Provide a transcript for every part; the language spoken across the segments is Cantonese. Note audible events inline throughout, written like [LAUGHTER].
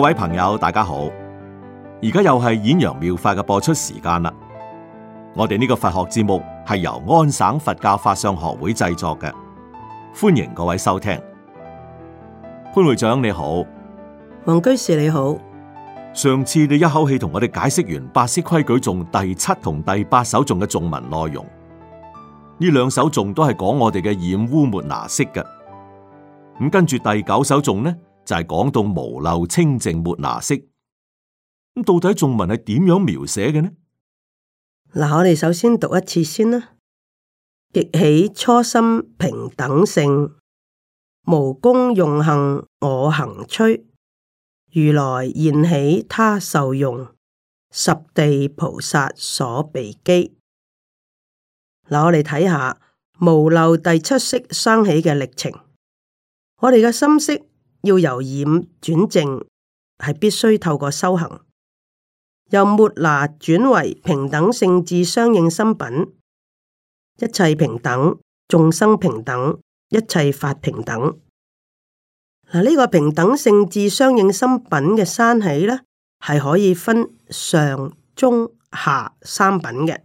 各位朋友，大家好！而家又係《演揚妙法》嘅播出時間啦。我哋呢個佛學節目係由安省佛教法相學會製作嘅，歡迎各位收聽。潘會長你好，黃居士你好。上次你一口氣同我哋解釋完《八識規矩頌》第七同第八首頌嘅頌文內容，呢兩首頌都係講我哋嘅染污末那識嘅。咁跟住第九首頌呢？就係講到無漏清淨末那識，咁到底頌文係點樣描寫嘅呢？嗱，我哋首先讀一次先啦。極喜初心平等性，無功用行我恆摧，如來現起他受用，十地菩薩所被機。嗱，我哋睇下無漏第七識生起嘅歷程，我哋嘅心識。要由染轉淨，係必須透過修行，由末那轉為平等性智相應心品，一切平等，眾生平等，一切法平等。嗱，呢個平等性智相應心品嘅生起咧，係可以分上中下三品嘅。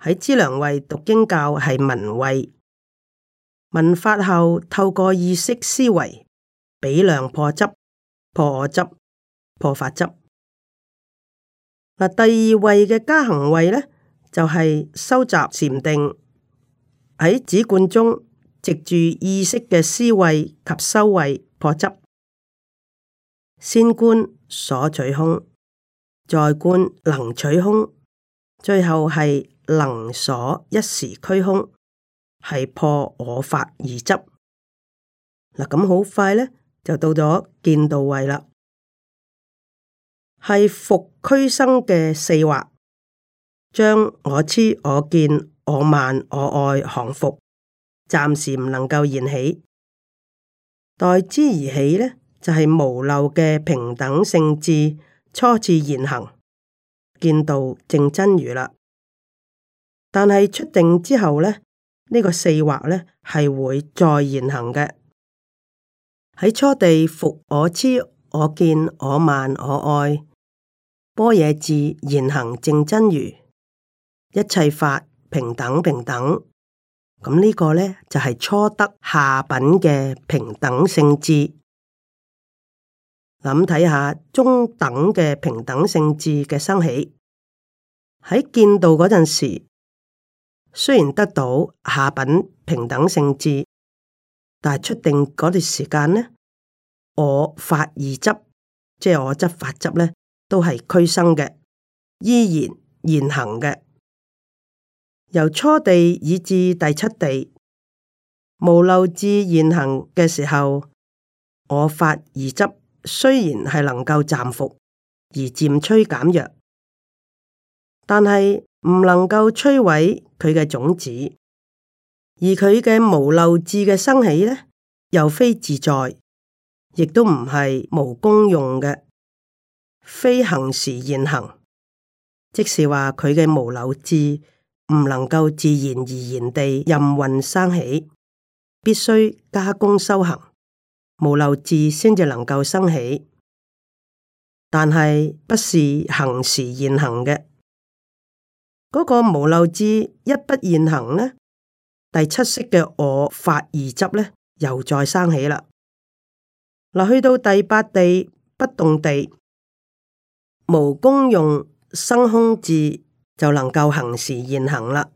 喺資糧位讀經教係聞慧，聞法後透過意識思維。比量破執，破我執，破法執。嗱，第二位嘅加行位咧，就係、是、收集禪定，喺止觀中藉住意識嘅思慧及修慧破執。先觀所取空，再觀能取空，最後係能所一時俱空，係破我法二執。嗱，咁好快咧！就到咗見道位啦，係伏俱生嘅四惑，將我癡我見我慢我愛降伏，暫時唔能夠現起，待之而起呢，就係、是、無漏嘅平等性智初次現行，見到正真如啦。但係出定之後呢，呢、這個四惑呢，係會再現行嘅。喺初地，伏我痴，我見我慢我愛，般若智言行正真如，一切法平等平等。咁、嗯這個、呢個咧就係、是、初得下品嘅平等性智。諗睇下中等嘅平等性智嘅生起。喺見道嗰陣時，雖然得到下品平等性智。但係出定嗰段時間呢，我法而執，即係我執法執呢，都係俱生嘅，依然現行嘅。由初地以至第七地，無漏至現行嘅時候，我法而執雖然係能夠暫伏而漸趨減弱，但係唔能夠摧毀佢嘅種子。而佢嘅無漏智嘅生起呢，又非自在，亦都唔係無功用嘅，非恒時現行，即是話佢嘅無漏智唔能夠自然而然地任運生起，必須加功修行，無漏智先至能夠生起，但係不是恒時現行嘅，嗰、那個無漏智一不現行呢，第七識嘅我法二執咧，又再生起啦。嗱，去到第八地不動地，無功用生空智就能夠行時現行啦。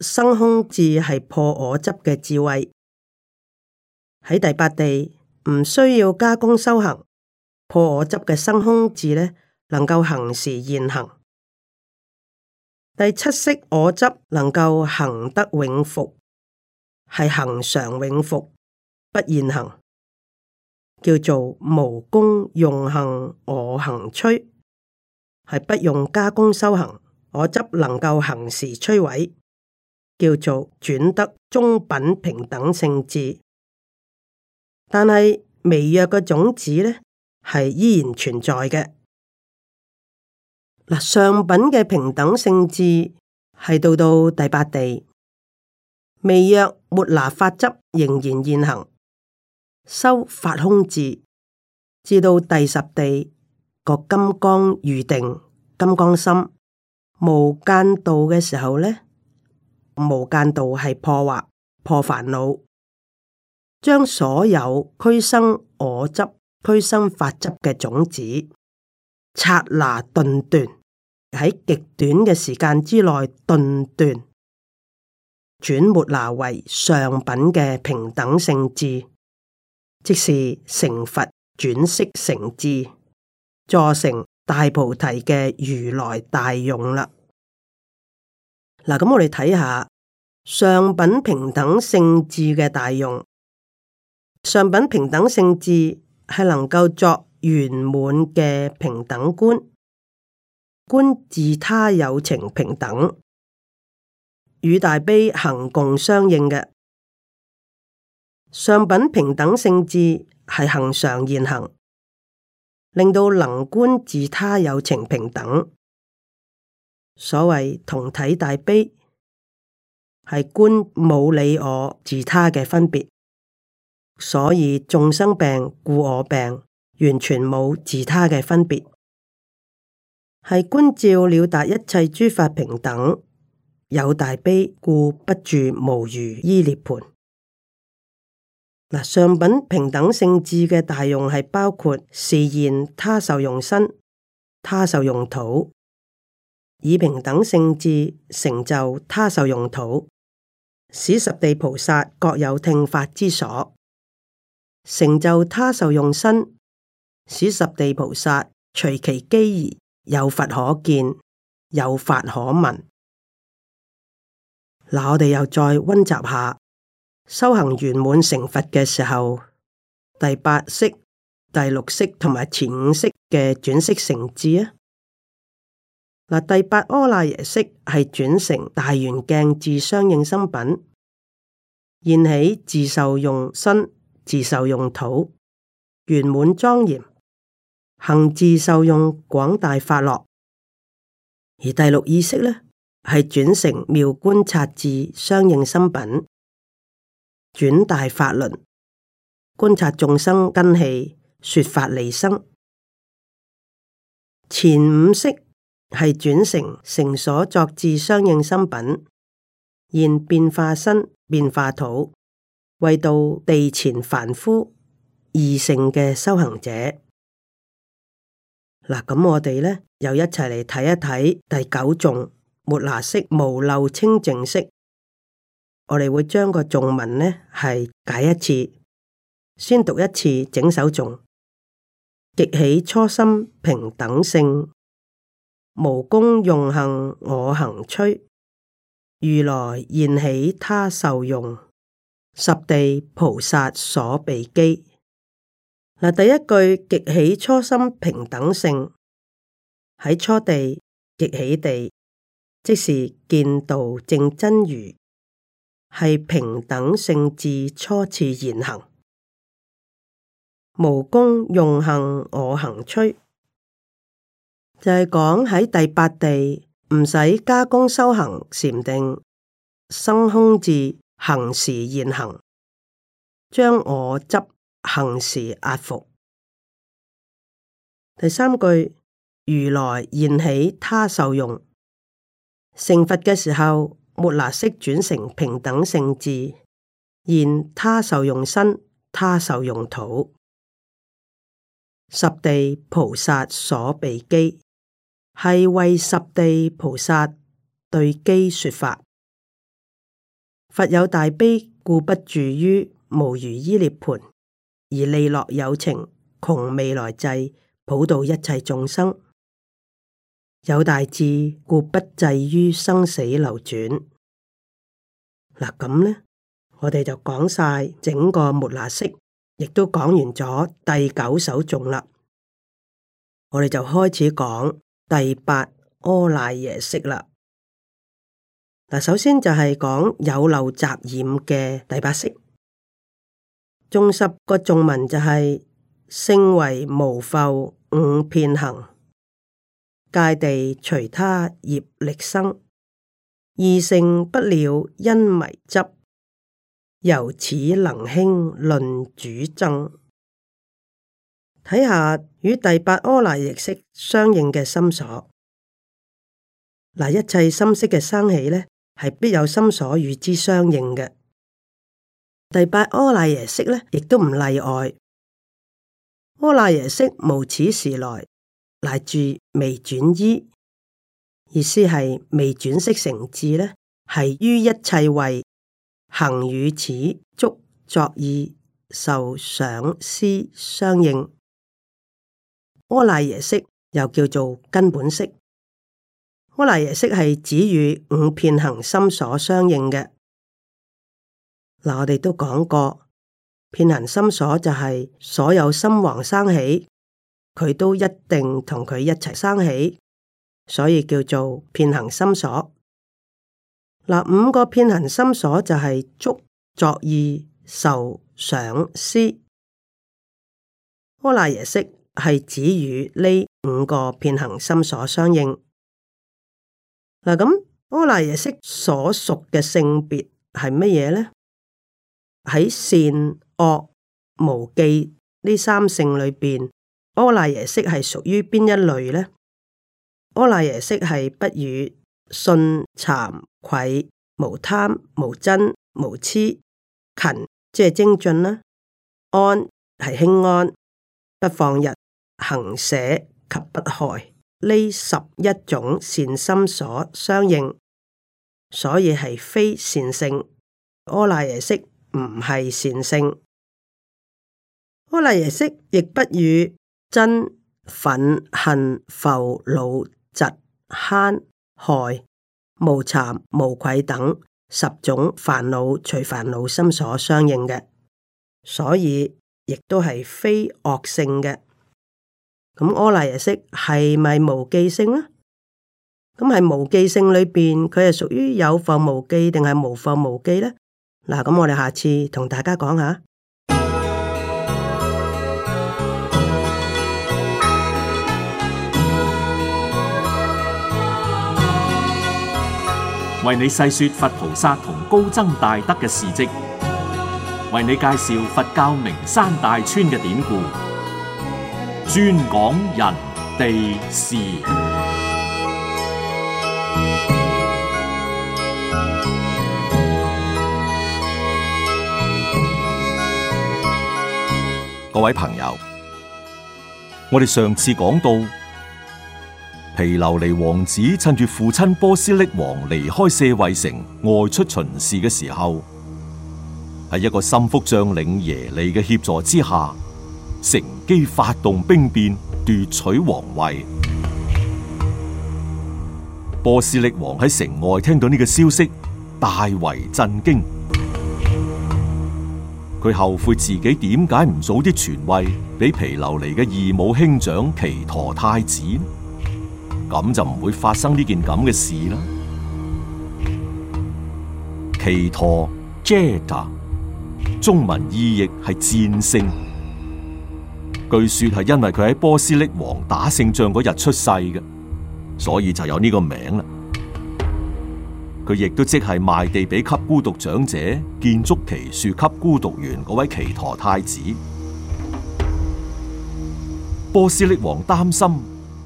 生空智係破我執嘅智慧，喺第八地唔需要加功修行，破我執嘅生空智呢，能夠行時現行。第七識我執能夠行得永伏。係恆常永伏、不現行，叫做無功用行我恆摧，係不用加功修行，我執能夠恆時摧毀，叫做轉得中品平等性智。但係微弱嘅種子呢，係依然存在嘅。嗱，上品嘅平等性智係到到第八地，未若末那法執仍然現行，修法空智至到第十地，個金剛喻定，金剛心無間道嘅時候咧，無間道係破惑破煩惱，將所有俱生我執、俱生法執嘅種子。剎那頓斷，喺極短嘅時間之內頓斷，轉末那為上品嘅平等性智，即是成佛轉識成智，作成大菩提嘅如來大用啦。嗱，咁我哋睇下上品平等性智嘅大用。上品平等性智係能夠作。圓滿嘅平等觀，觀自他有情平等與大悲恒共相應嘅上品平等性智係恒常現行，令到能觀自他有情平等。所謂同體大悲，係觀冇你我自他嘅分別，所以眾生病故我病。完全冇自他嘅分別，係觀照了達一切諸法平等。有大悲故不住無餘依涅盤。嗱，上品平等性智嘅大用係包括示現他受用身，他受用土，以平等性智成就他受用土，使十地菩薩各有聽法之所，成就他受用身。使十地菩薩隨其機宜，有佛可見，有法可聞。嗱，我哋又再溫習下修行圓滿成佛嘅時候，第八識、第六識同埋前五識嘅轉識成智啊。嗱，第八阿賴耶識係轉成大圓鏡智相應心品，現起自受用身，自受用土，圓滿莊嚴。行智受用廣大法樂，而第六意識呢，係轉成妙觀察智相應心品，轉大法輪觀察眾生根器，說法離生。前五識係轉成成所作智相應心品，現變化身變化土，為度地前凡夫二乘嘅修行者。嗱，咁、啊、我哋咧又一齊嚟睇一睇第九頌《末那識無漏清淨識，我哋會將個頌文咧係解一次，先讀一次整首頌。極喜初心平等性，無功用行我恆摧，如來現起他受用，十地菩薩所被機。嗱，第一句極起初心平等性，喺初地極起地，即是見道正真如，係平等性至初次現行，無功用行我行摧，就係講喺第八地唔使加功修行禪定生空智行時現行，將我執，行事壓伏。第三句，如來現起他受用，成佛嘅時候，末那識轉成平等性智，現他受用身、他受用土。十地菩薩所被機，係為十地菩薩對機說法。佛有大悲，故不住於無餘依涅槃。而利樂有情，窮未來際，普渡一切眾生，有大智，故不滯於生死流轉。嗱咁咧，我哋就講晒整個末那識，亦都講完咗第九首頌啦。我哋就開始講第八阿賴耶識啦。嗱、啊，首先就係講有漏雜染嘅第八識。中濕個頌文就係、是、性唯無覆五遍行，界地隨他業力生，二乘不了因迷執，由此能興論主諍。睇下與第八阿賴耶識相應嘅心所。嗱，一切心識嘅生起呢，係必有心所與之相應嘅。第八阿賴耶識呢，亦都唔例外。阿賴耶識無始時來，乃至未轉依，意思係未轉識成智呢，係於一切位恒與此觸、作意、受、想、思相應。阿賴耶識又叫做根本識，阿賴耶識係指與五遍行心所相應嘅。嗱，我哋都講過，遍行心所就係所有心王生起，佢都一定同佢一齊生起，所以叫做遍行心所。嗱，五個遍行心所就係觸、作意、受、想、思。阿那耶識係指與呢五個遍行心所相應。嗱，咁阿那耶識所屬嘅性別係乜嘢咧？喺善惡無記呢三性裏邊，阿賴耶識係屬於邊一類呢？阿賴耶識係不與、信、慚、愧、無貪、無瞋、無癡、勤，即係精進啦。安係輕安，不放逸，行捨及不害呢十一種善心所相應，所以係非善性。阿賴耶識。唔係善性，阿賴耶識亦不與瞋、忿、恨、覆、惱、嫉、慳、害、無慚、無愧等十種煩惱、隨煩惱心所相應嘅，所以亦都係非惡性嘅。咁阿賴耶識係咪無記性呢？咁係無記性裏邊，佢係屬於有覆無記定係無覆無記呢？嗱，咁我哋下次同大家講下，為你細說佛菩薩同高僧大德嘅事跡，為你介紹佛教名山大川嘅典故，專講人、地、事。各位朋友，我哋上次講到，毗琉璃王子趁住父親波斯匿王離開舍衛城外出巡視嘅時候，喺一個心腹將領耶利嘅協助之下，乘機發動兵變奪取皇位。波斯匿王喺城外聽到呢個消息，大為震驚。佢後悔自己點解唔早啲傳位俾毗琉璃嘅異母兄長奇陀太子呢，咁就唔會發生呢件咁嘅事啦。奇陀 Jeta，中文意譯係戰勝。據說係因為佢喺波斯匿王打勝仗嗰日出世嘅，所以就有呢個名啦。佢亦都即係賣地俾給級孤獨長者，建築祇樹給孤獨園嗰位祇陀太子。波斯匿王擔心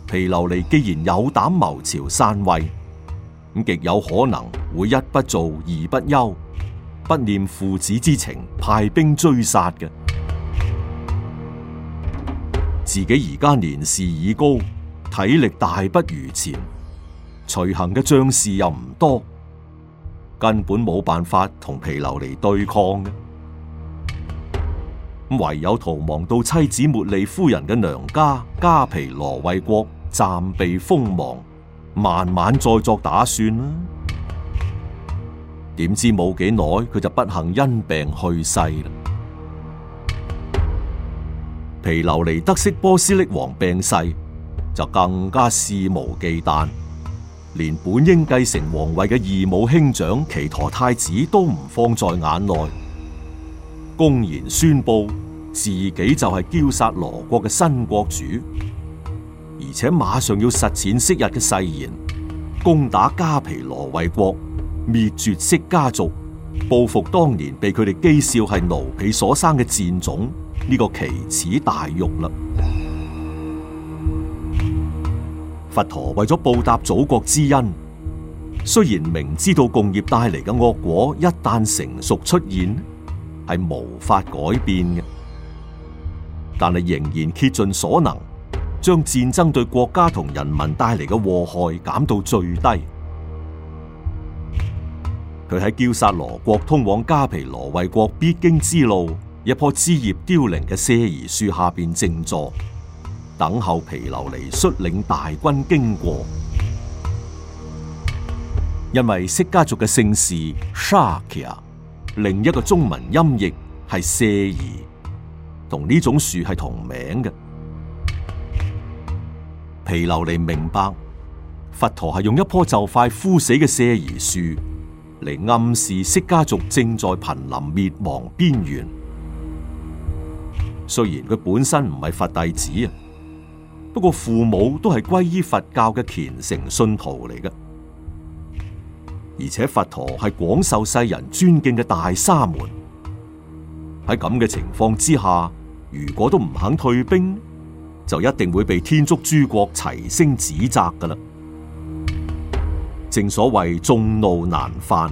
毗琉璃既然有膽謀朝篡位，咁極有可能會一不做二不休，不念父子之情，派兵追殺嘅。自己而家年事已高，體力大不如前，隨行嘅將士又唔多。根本冇辦法同毗琉璃對抗，唯有逃亡到妻子茉莉夫人嘅娘家迦毗羅衛國暫避鋒芒，慢慢再作打算啦、啊。點知冇幾耐，佢就不幸因病去世。毗琉璃得悉波斯匿王病逝，就更加肆無忌憚。連本應繼承皇位嘅異母兄長祇陀太子都唔放在眼內，公然宣布自己就係憍薩羅國嘅新國主，而且馬上要實踐昔日嘅誓言，攻打迦毗羅衛國，滅絕釋迦族，報復當年被佢哋譏笑係奴婢所生嘅賤種，呢個奇恥大辱啦！佛陀為咗報答祖國之恩，雖然明知道共業帶嚟嘅惡果一旦成熟出現係無法改變嘅，但係仍然竭盡所能，將戰爭對國家同人民帶嚟嘅禍害減到最低。佢喺憍薩羅國通往迦毗羅衛國必經之路，一棵枝葉凋零嘅娑羅樹下邊靜坐。等候毗琉璃率領大軍經過，因為釋迦族嘅姓氏 Shakya，另一個中文音譯係舍夷，同呢種樹係同名嘅。毗琉璃明白，佛陀係用一棵就快枯死嘅舍夷樹嚟暗示釋迦族正在瀕臨滅亡邊緣。雖然佢本身唔係佛弟子啊。不過父母都係皈依佛教嘅虔誠信徒嚟嘅，而且佛陀係廣受世人尊敬嘅大沙門。喺咁嘅情況之下，如果都唔肯退兵，就一定會被天竺諸國齊聲指責㗎喇。正所謂眾怒難犯，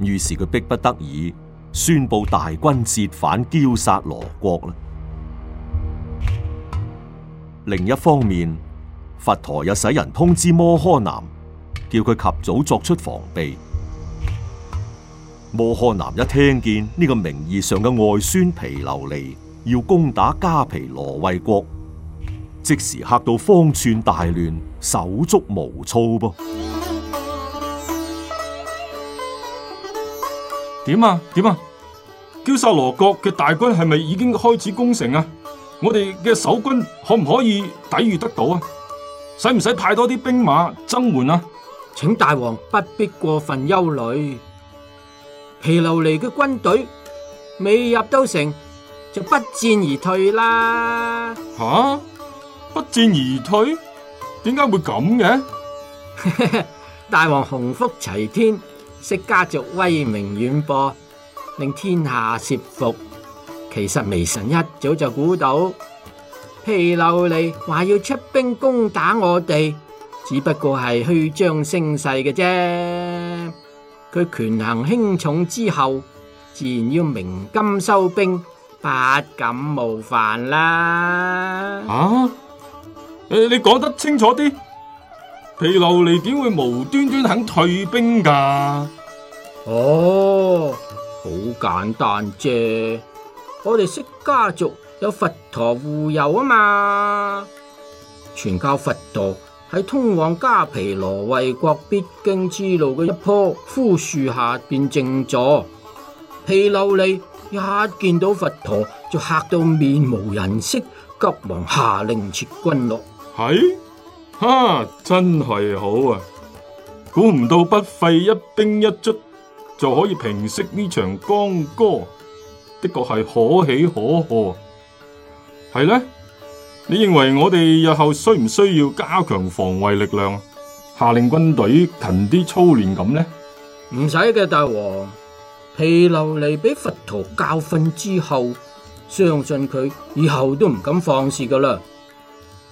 於是佢迫不得已宣布大軍折返，憍薩羅國啦。另一方面，佛陀又使人通知摩訶男，叫佢及早作出防備。摩訶男一聽見呢、這個名義上嘅外孫毗琉璃要攻打迦毗羅衛國，即時吓到方寸大亂，手足無措噃。點啊點啊！鳩薩羅國嘅大軍係咪已經開始攻城啊？我哋嘅守軍可唔可以抵禦得到啊？使唔使派多啲兵馬增援啊？請大王不必過分憂慮，毗琉璃嘅軍隊未入都城，就不戰而退啦。吓、啊！不戰而退，點解會咁嘅？ [LAUGHS] 大王洪福齊天，釋家族威名遠播，令天下懾服。其實微臣一早就估到，毗琉璃話要出兵攻打我哋，只不過係虛張聲勢嘅啫。佢權衡輕重之後，自然要鳴金收兵，不敢冒犯啦。啊？誒，你講得清楚啲。毗琉璃點會無端端肯退兵㗎？哦，好簡單啫。我哋釋家族有佛陀護佑啊嘛！全靠佛陀喺通往迦毗羅衛國必經之路嘅一棵枯樹下便靜坐。毗琉璃一見到佛陀就嚇到面無人色，急忙下令撤軍落。係，哈，真係好啊！估唔到不費一兵一卒就可以平息呢場干戈。的確係可喜可賀。係呢？你認為我哋日後需唔需要加強防衛力量，下令軍隊勤啲操練咁呢？唔使嘅，大王。毗琉璃俾佛陀教訓之後，相信佢以後都唔敢放肆噶啦。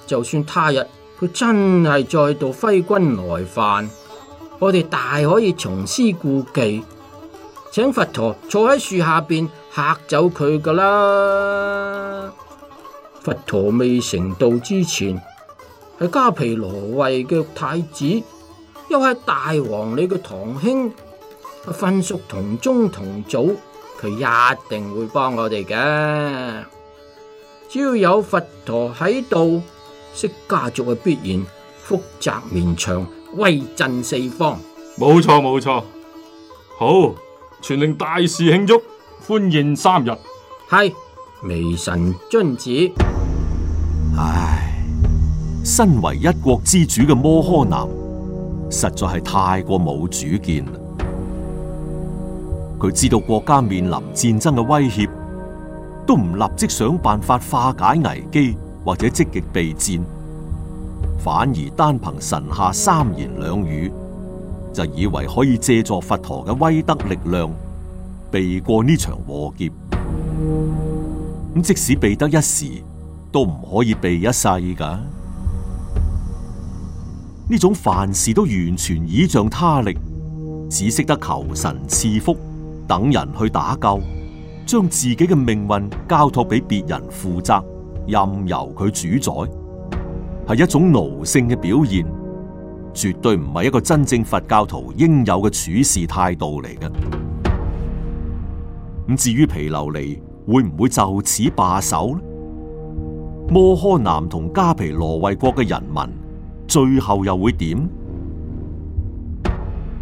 就算他日佢真係再度揮軍來犯，我哋大可以重施故技，請佛陀坐喺樹下邊。嚇走佢噶啦！佛陀未成道之前，係迦毗羅衛嘅太子，又係大王你嘅堂兄，分親屬同宗同祖，佢一定會幫我哋嘅。只要有佛陀喺度，釋迦族係必然福澤綿長，威震四方。冇錯冇錯，好，全令大事慶祝。歡迎三日。係，微臣遵旨。唉，身為一國之主嘅摩訶男，實在係太過冇主見。佢知道國家面臨戰爭嘅威脅，都唔立即想辦法化解危機，或者積極備戰，反而單憑神下三言兩語，就以為可以借助佛陀嘅威德力量，避過呢場禍劫，咁即使避得一時，都唔可以避一世噶。呢種凡事都完全倚仗他力，只識得求神賜福，等人去打救，將自己嘅命運交託俾別人負責，任由佢主宰，係一種奴性嘅表現，絕對唔係一個真正佛教徒應有嘅處事態度嚟嘅。咁至於毗琉璃會唔會就此罷手咧？摩訶男同迦毗羅衛國嘅人民最後又會點？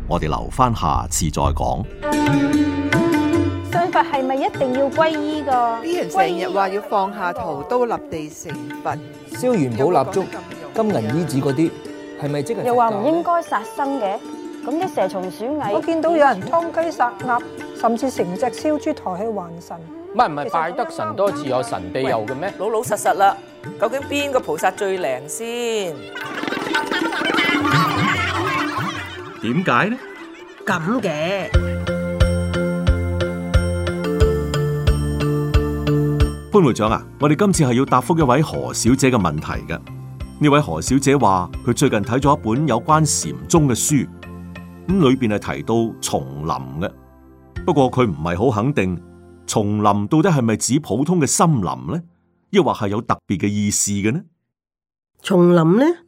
我哋留翻下，下次再講。信佛係咪一定要歸依噶？啲人成日話要放下屠刀立地成佛，燒元寶蠟燭、金銀衣紙嗰啲係咪即係？又話唔應該殺生嘅？咁啲蛇蟲鼠蟻，我見到有人劏雞殺鴨，嗯、甚至成隻燒豬抬起還神，唔係唔係拜得神多自有神庇佑嘅咩？老老實實啦，究竟邊個菩薩最靈先？點解呢？咁嘅潘會長啊，我哋今次係要答覆一位何小姐嘅問題嘅。呢位何小姐話佢最近睇咗一本有關禪宗嘅書。咁裏邊係提到叢林嘅，不過佢唔係好肯定叢林到底係咪指普通嘅森林咧，抑或係有特別嘅意思嘅呢？叢林咧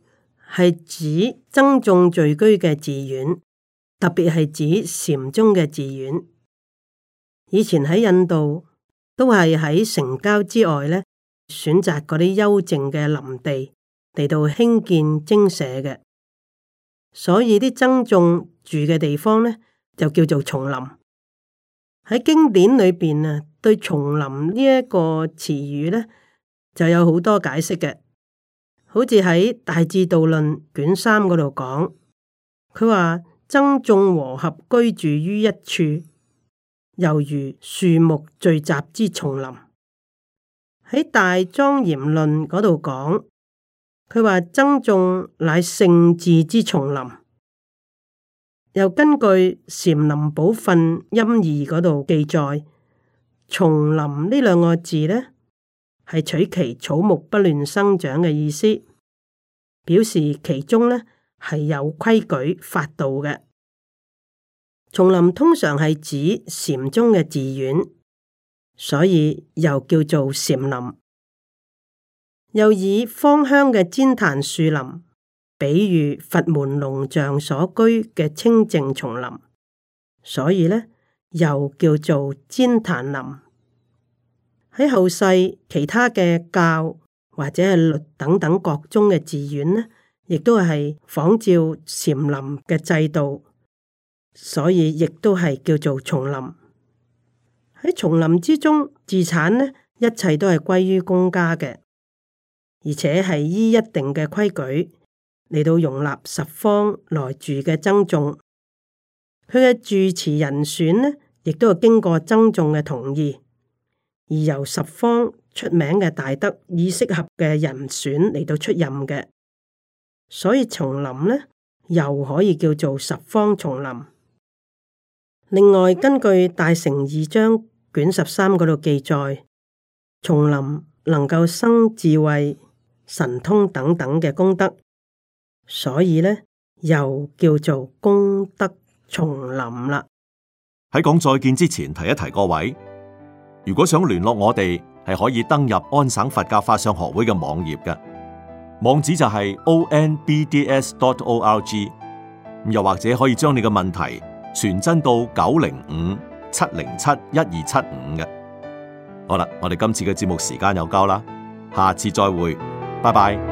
係指僧眾聚居嘅寺院，特別係指禪宗嘅寺院。以前喺印度都係喺城郊之外咧，選擇嗰啲幽靜嘅林地嚟到興建精舍嘅，所以啲僧眾住嘅地方咧，就叫做叢林。喺經典裏邊啊，對叢林呢一個詞語咧，就有好多解釋嘅。好似喺《大智度論》卷三嗰度講，佢話僧眾和合居住於一處，猶如樹木聚集之叢林。喺《大莊嚴論》嗰度講，佢話僧眾乃聖智之叢林。又根據《禪林寶訓音義》嗰度記載，叢林呢兩個字呢，係取其草木不亂生長嘅意思，表示其中呢係有規矩法度嘅。叢林通常係指禪宗嘅寺院，所以又叫做禪林。又以芳香嘅煎檀樹林。比如佛門龍象所居嘅清淨叢林，所以呢又叫做旃檀林。喺後世其他嘅教或者係律等等各宗嘅寺院呢，亦都係仿照禪林嘅制度，所以亦都係叫做叢林。喺叢林之中自產呢，一切都係歸於公家嘅，而且係依一定嘅規矩。嚟到容納十方來住嘅僧眾，佢嘅住持人選呢，亦都係經過僧眾嘅同意，而由十方出名嘅大德，以適合嘅人選嚟到出任嘅。所以叢林呢，又可以叫做十方叢林。另外，根據《大乘二章卷十三》嗰度記載，叢林能夠生智慧、神通等等嘅功德。所以咧，又叫做功德叢林啦。喺講再見之前，提一提各位，如果想聯絡我哋，係可以登入安省佛教法相學會嘅網頁嘅，網址就係 onbds.org。又或者可以將你嘅問題傳真到九零五七零七一二七五嘅。好啦，我哋今次嘅節目時間又夠啦，下次再會，拜拜。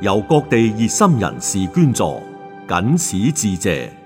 由各地熱心人士捐助，謹此致謝。